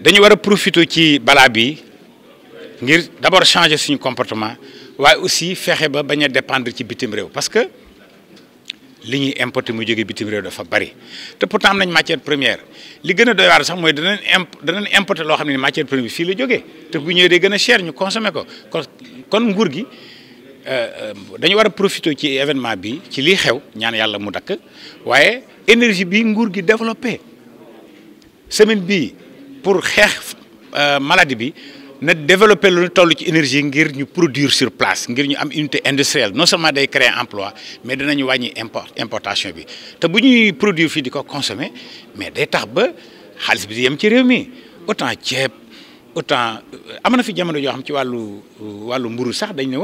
dañu wara profiter ci bala bi ngir d'abord changer suñu comportement waaye aussi fexé ba baña dépendre ci bitim rew parce que liñuy importer mu jógee bitim rew dafa bari té pourtant am nañ matière première li gëna doy war sax moy danañ imp danañ importer lo xamni matière première fi la jógee té bu ñëwé day gëna cher ñu consommer ko kon nguur gi euh, euh, dañu wara profiter ci événement bi ci li xew ñaan yalla mu dakk waye énergie bi nguur gi développer semaine bi pour xeex euh, maladie bi na développer lu toll ci énergie ngir ñu produire sur place ngir ñu am unité industrielle non seulement day créer emploi mais dinañu wàññi import importation bi te bu ñuy produire fii di consommer mais day tax ba xaalis bi di yem ci réew mi autant ceeb autant euh, am fi jamono jo xam ci walu walu mburu sax dañ ne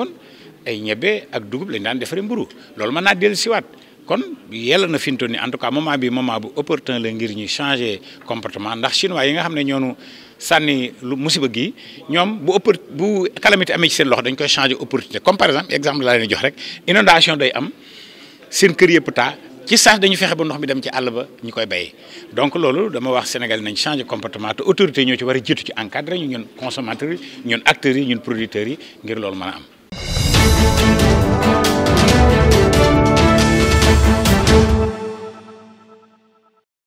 ay ñebe ak dugub lañ daan defaree mburu loolu mën naa dellu siwaat kon yella na fintoon ni en tout cas moment bi moment bu opportun la ngir ñu changer comportement ndax chinois yi nga xam ne ñoonu sànni lu musiba gi ñoom bu oppor bu calamité amee ci seen loxo dañ koy changer opportunité comme par exemple exemple laa leen jox rek inondation day am seen kër yëpp taa ci sax dañu fexe ba ndox mi dem ci àll ba ñu koy bay donc loolu dama wax Sénégal nañ changer comportement te autorité ñoo ci war jiitu ci encadré ñu ñun consommateurs yi ñun yi ñun producteurs yi ngir loolu mën am